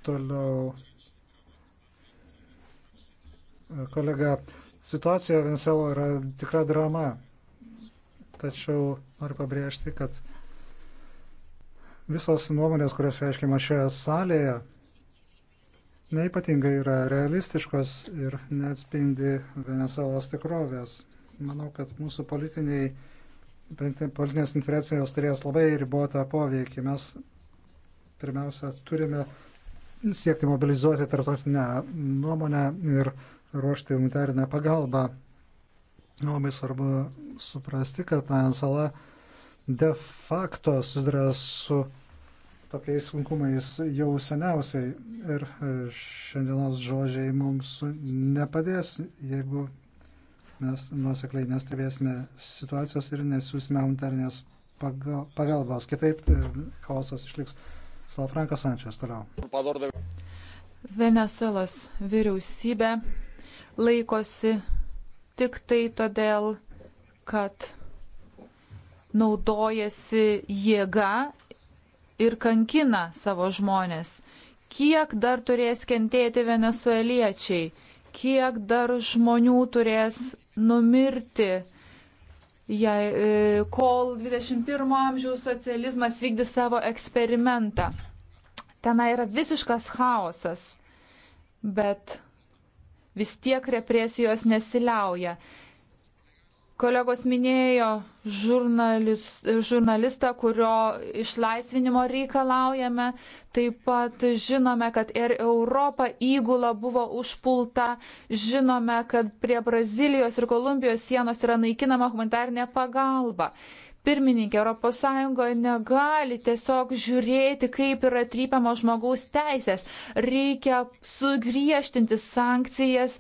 Toliau. Kolega, situacija Venezuela yra tikra drama. Tačiau noriu pabrėžti, kad visos nuomonės, kurios reiškima šioje salėje, neipatingai yra realistiškos ir neatspindi Venezuelos tikrovės. Manau, kad mūsų politiniai, politinės infliacijos turės labai ribotą poveikį. Mes pirmiausia turime siekti mobilizuoti tarptautinę nuomonę ir ruošti humanitarinę pagalbą. Labai svarbu suprasti, kad Venezuela de facto susiduria su tokiais sunkumais jau seniausiai ir šiandienos žodžiai mums nepadės, jeigu Mes nuosekliai nestebėsime situacijos ir nesiūsime humanitarnės pagalbos. Kitaip e, chaosas išliks. Salafrankas Sančias toliau. Venezuelos vyriausybė laikosi tik tai todėl, kad naudojasi jėga ir kankina savo žmonės. Kiek dar turės kentėti venezueliečiai, kiek dar žmonių turės numirti, jei, e, kol 21 amžiaus socializmas vykdys savo eksperimentą. Tenai yra visiškas chaosas, bet vis tiek represijos nesiliauja. Kolegos minėjo žurnalis, žurnalistą, kurio išlaisvinimo reikalaujame. Taip pat žinome, kad ir Europa įgula buvo užpulta. Žinome, kad prie Brazilijos ir Kolumbijos sienos yra naikinama humanitarinė pagalba pirmininkė, ES negali tiesiog žiūrėti, kaip yra trypiamo žmogaus teisės. Reikia sugriežtinti sankcijas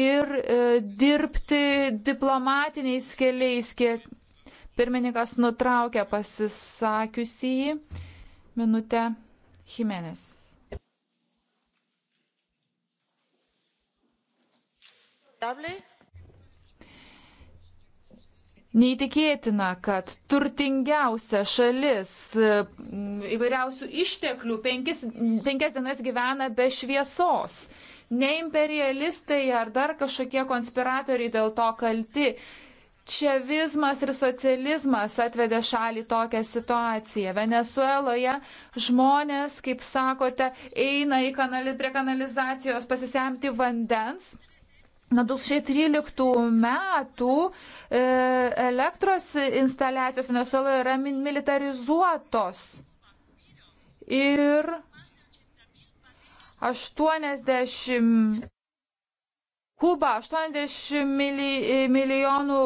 ir e, dirbti diplomatiniais keliais, kiek pirmininkas nutraukė pasisakiusį minutę Jimenez. Dable. Neįtikėtina, kad turtingiausia šalis mm, įvairiausių išteklių penkis, penkias dienas gyvena be šviesos. Ne imperialistai ar dar kažkokie konspiratoriai dėl to kalti. Čiavizmas ir socializmas atvedė šalį tokią situaciją. Venezueloje žmonės, kaip sakote, eina kanali, prie kanalizacijos pasisemti vandens Nuo 2013 metų e, elektros instaliacijos Venezueloje yra militarizuotos. Ir 80 Kuba 80 mili, milijonų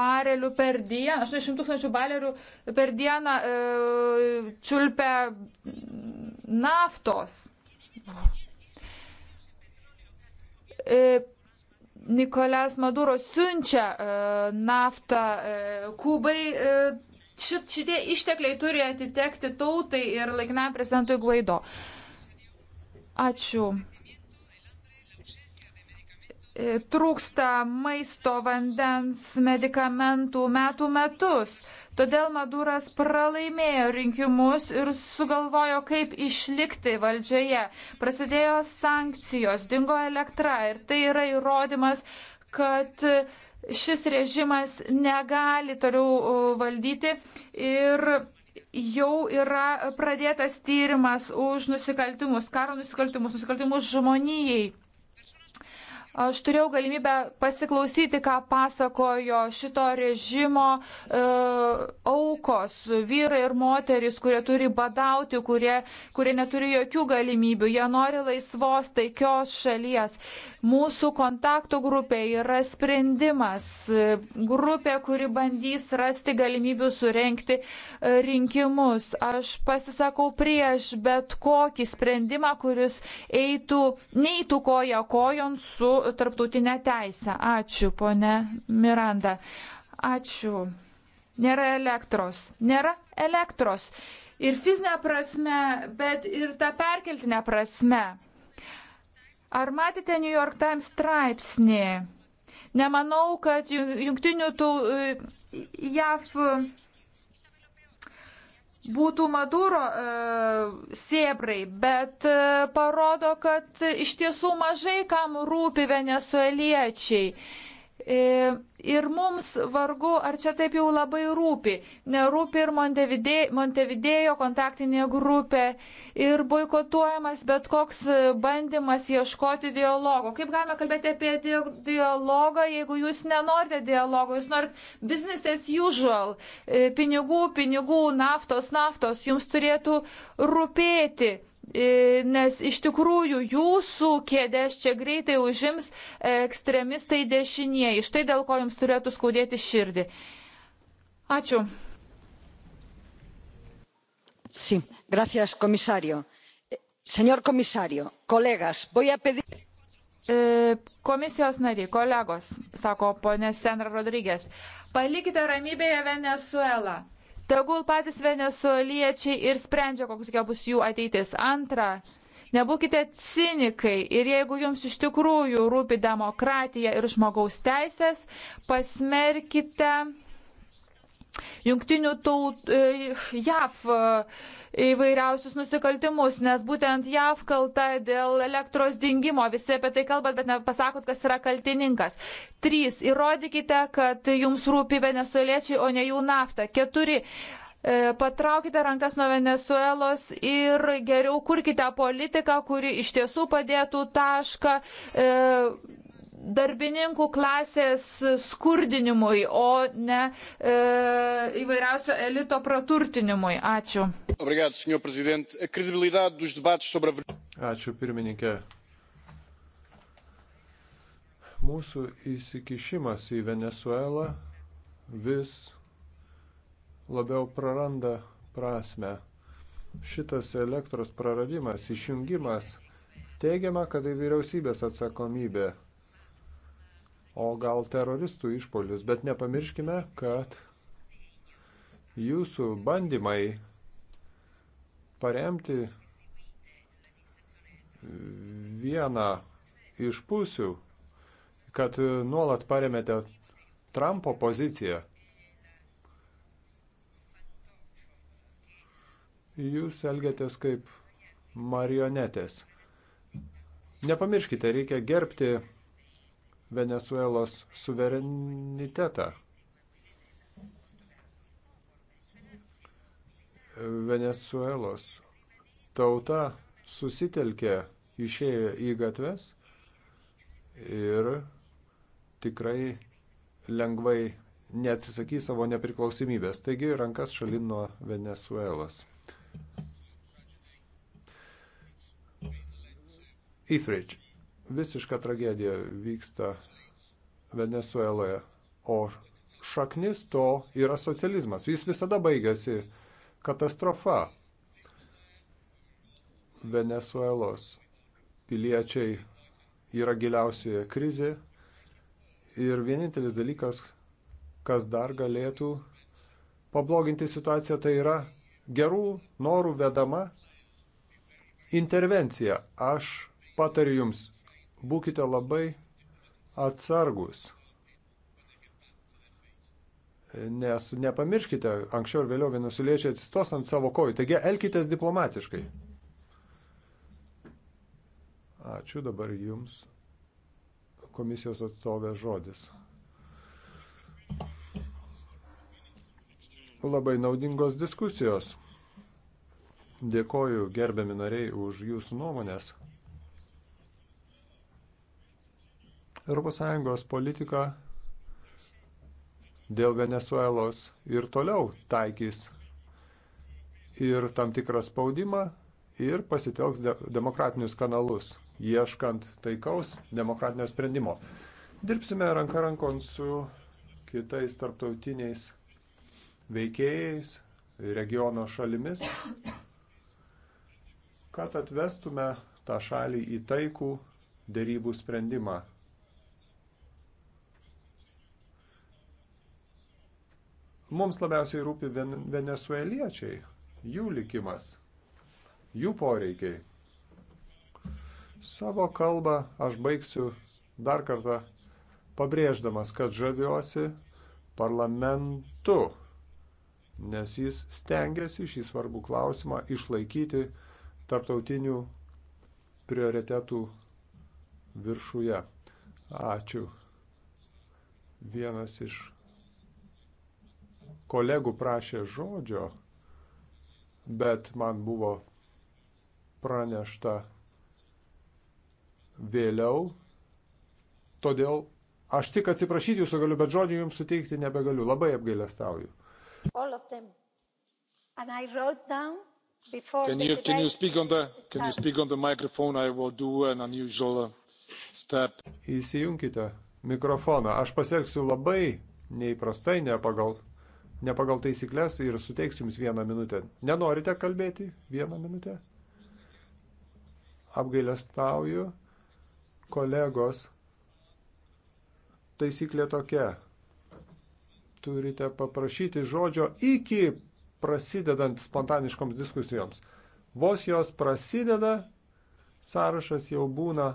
barelių per dieną, 80 tūkstančių barelių per dieną e, čiulpia naftos. E, Nikolas Maduro siunčia e, naftą e, Kubai. E, šit, šitie ištekliai turi atitekti tautai ir laikinam prezidentui Glaido. Ačiū trūksta maisto, vandens, medikamentų metų metus. Todėl Maduras pralaimėjo rinkimus ir sugalvojo, kaip išlikti valdžioje. Prasidėjo sankcijos, dingo elektra ir tai yra įrodymas, kad šis režimas negali toliau valdyti ir jau yra pradėtas tyrimas už nusikaltimus, karo nusikaltimus, nusikaltimus žmonijai. Aš turėjau galimybę pasiklausyti, ką pasakojo šito režimo e, aukos, vyrai ir moterys, kurie turi badauti, kurie, kurie neturi jokių galimybių, jie nori laisvos, taikios šalies. Mūsų kontaktų grupė yra sprendimas, grupė, kuri bandys rasti galimybių surenkti e, rinkimus. Aš pasisakau prieš bet kokį sprendimą, kuris eitų, neįtų koja kojon su tarptautinė teisė. Ačiū, ponė Miranda. Ačiū. Nėra elektros. Nėra elektros ir fizinę prasme, bet ir tą perkeltinę prasme. Ar matėte New York Times straipsnį? Nemanau, kad jungtinių tų e, JAV e, būtų Maduro e, sėbrai, bet e, parodo, kad iš tiesų mažai kam rūpi venezueliečiai. E, E, ir mums vargu, ar čia taip jau labai rūpi. Nerūpi ir Montevidėjo kontaktinė grupė, ir boikotuojamas bet koks bandymas ieškoti dialogo. Kaip galime kalbėti apie dialogą, jeigu jūs nenorite dialogo, jūs norit business as usual, e, pinigų, pinigų, naftos, naftos, jums turėtų rūpėti E, nes iš tikrųjų jūsų kėdės čia greitai užims e, ekstremistai dešinieji. Štai dėl ko jums turėtų skaudėti širdį. Ačiū. Sí, gracias, komisario. E, señor komisario, kolegas, voy a pedir. Komisijos nariai, kolegos, sako ponė Senra Rodrygės, palikite ramybėje Venezuelą. Tegul patys venezueliečiai ir sprendžia, koks bus jų ateitis. Antra, Nebūkite cinikai ir jeigu jums iš tikrųjų rūpi demokratija ir žmogaus teisės, pasmerkite jungtinių tautų e, JAF įvairiausius nusikaltimus, nes būtent JAV kalta dėl elektros dingimo. Visi apie tai kalbat, bet nepasakot, kas yra kaltininkas. 3. Įrodykite, kad jums rūpi venezueliečiai, o ne jų nafta. 4 e, patraukite rankas nuo Venezuelos ir geriau kurkite politiką, kuri iš tiesų padėtų tašką e, darbininkų klasės skurdinimui, o ne e, įvairiausio elito praturtinimui. Ačiū. Ačiū, pirmininkė. Mūsų įsikišimas į Venezuelą vis labiau praranda prasme. Šitas elektros praradimas, išjungimas, teigiama, kad tai vyriausybės atsakomybė o gal teroristų išpolius. Bet nepamirškime, kad jūsų bandymai paremti vieną iš pusių, kad nuolat paremėte Trumpo poziciją. Jūs elgiatės kaip marionetės. Nepamirškite, reikia gerbti Venezuelos suverenitetą. Venezuelos tauta susitelkė, išėjo į gatves ir tikrai lengvai neatsisakys savo nepriklausomybės. Taigi rankas šalin nuo Venezuelos. Etheridge. Visiška tragedija vyksta Venezueloje, o šaknis to yra socializmas. Jis visada baigėsi katastrofa. Venezuelos piliečiai yra giliausioje krizė ir vienintelis dalykas, kas dar galėtų pabloginti situaciją, tai yra gerų norų vedama intervencija. Aš patariu Jums būkite labai atsargus. Nes nepamirškite, anksčiau ir vėliau venesuliečiai atsistos ant savo kojų. Taigi elkitės diplomatiškai. Ačiū dabar jums komisijos atstovės žodis. Labai naudingos diskusijos. Dėkoju gerbiami nariai už jūsų nuomonės. ES politika dėl Venezuelos ir toliau taikys ir tam tikrą spaudimą ir pasitelks de demokratinius kanalus, ieškant taikaus demokratinio sprendimo. Dirbsime ranka rankon su kitais tarptautiniais veikėjais, regiono šalimis, kad atvestume tą šalį į taikų dėrybų sprendimą. Mums labiausiai rūpi venezueliečiai, jų likimas, jų poreikiai. Savo kalbą aš baigsiu dar kartą pabrėždamas, kad žaviuosi parlamentu, nes jis stengiasi šį svarbų klausimą išlaikyti tarptautinių prioritetų viršuje. Ačiū. Vienas iš kolegų prašė žodžio, bet man buvo pranešta vėliau. Todėl aš tik atsiprašyti jūsų galiu, bet žodžių jums suteikti nebegaliu. Labai apgailestauju. Can you, can you speak on the can you speak on the microphone? I will do an unusual uh, step. Įsijunkite mikrofoną. Aš pasielgsiu labai neįprastai, ne pagal ne pagal taisyklės ir suteiksiu jums vieną minutę. Nenorite kalbėti vieną minutę? Apgailestauju, kolegos, taisyklė tokia. Turite paprašyti žodžio iki prasidedant spontaniškoms diskusijoms. Vos jos prasideda, sąrašas jau būna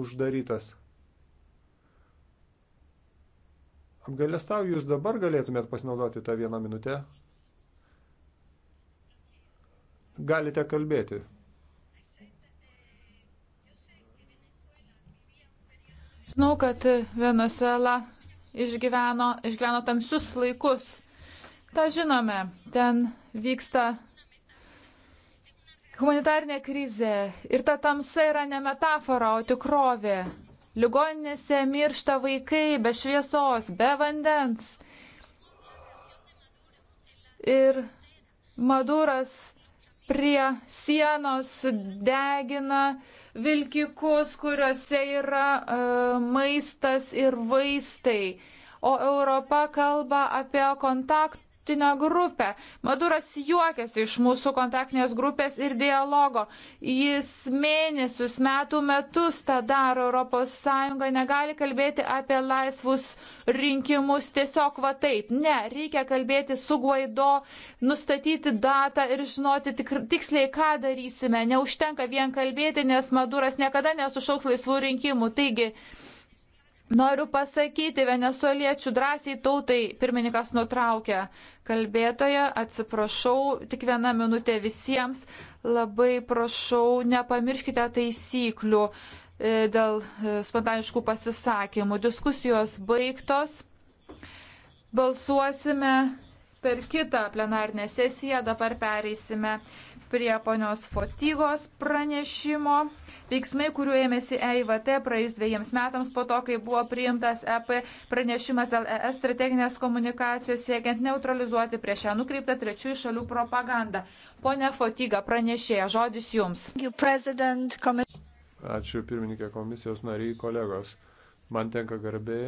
uždarytas. Apgailestau, jūs dabar galėtumėt pasinaudoti tą vieną minutę. Galite kalbėti. Žinau, kad Venezuela išgyveno, išgyveno tamsius laikus. Ta žinome, ten vyksta humanitarnė krizė ir ta tamsa yra ne metafora, o tikrovė. Ligoninėse miršta vaikai be šviesos, be vandens. Ir Maduras prie sienos degina vilkikus, kuriuose yra e, maistas ir vaistai. O Europa kalba apie kontaktų kontaktinę grupę. Maduras juokiasi iš mūsų kontaktinės grupės ir dialogo. Jis mėnesius, metų metus tą daro ES, negali kalbėti apie laisvus rinkimus tiesiog va taip. Ne, reikia kalbėti su Guaido, nustatyti datą ir žinoti tik, tiksliai, ką darysime. Neužtenka vien kalbėti, nes Maduras niekada nesušauks laisvų rinkimų. Taigi, Noriu pasakyti venezueliečių drąsiai tautai, pirmininkas nutraukė kalbėtoją, atsiprašau, tik vieną minutę visiems, labai prašau, nepamirškite taisyklių e, dėl e, spontaniškų pasisakymų. Diskusijos baigtos, balsuosime per kitą plenarnę sesiją, dabar pereisime prie ponios Fotygos pranešimo. Veiksmai, kuriuo ėmėsi EIVT praėjus dviejams metams po to, kai buvo priimtas EP pranešimas dėl ES strateginės komunikacijos siekiant neutralizuoti prieš ją nukreiptą trečiųjų šalių propagandą. Pone Fotyga, pranešėja, žodis jums. Ačiū pirmininkė komisijos nariai, kolegos. Man tenka garbė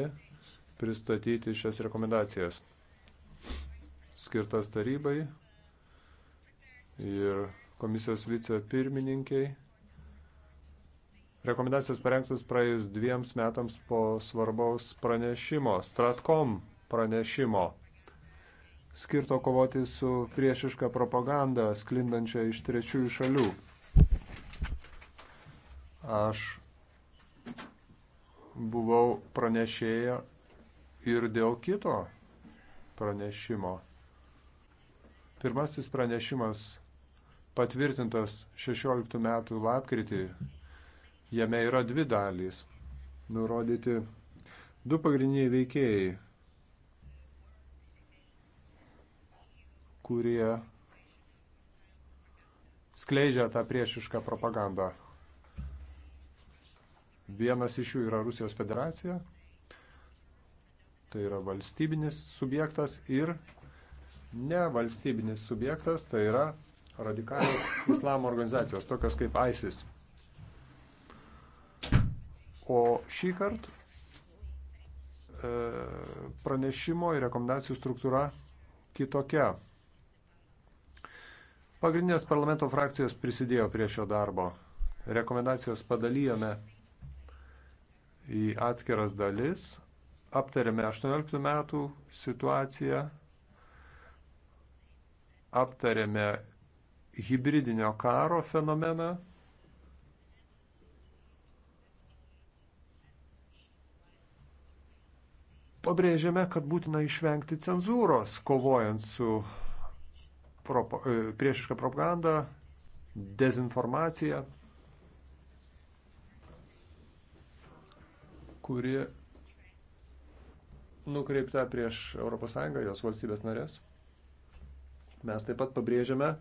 pristatyti šias rekomendacijas skirtas tarybai ir komisijos vicepirmininkiai. Rekomendacijos parengtos praėjus dviems metams po svarbaus pranešimo, Stratcom pranešimo, skirto kovoti su priešiška propaganda sklindančia iš trečiųjų šalių. Aš buvau pranešėja ir dėl kito pranešimo. Pirmasis pranešimas patvirtintas 16 metų lapkritį. Jame yra dvi dalys. Nurodyti du pagrindiniai veikėjai, kurie skleidžia tą priešišką propagandą. Vienas iš jų yra Rusijos federacija, tai yra valstybinis subjektas ir nevalstybinis subjektas, tai yra radikalios islamo organizacijos, tokios kaip ISIS. O šį kartą e, pranešimo ir rekomendacijų struktūra kitokia. Pagrindinės parlamento frakcijos prisidėjo prie šio darbo. Rekomendacijos padalyjome į atskiras dalis, aptarėme 18 metų situaciją, aptarėme hybridinio karo fenomeną. Pabrėžiame, kad būtina išvengti cenzūros, kovojant su propo, e, priešiška propaganda, dezinformacija, kuri nukreipta prieš ES, jos valstybės narės. Mes taip pat pabrėžiame,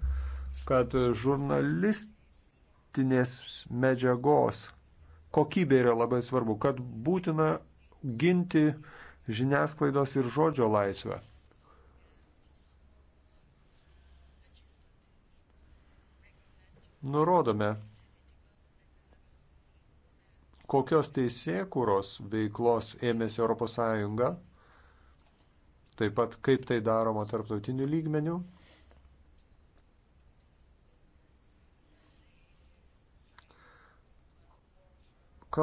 kad žurnalistinės medžiagos kokybė yra labai svarbu, kad būtina ginti žiniasklaidos ir žodžio laisvę. Nurodome, kokios teisėkūros veiklos ėmėsi ES, taip pat kaip tai daroma tarptautiniu lygmeniu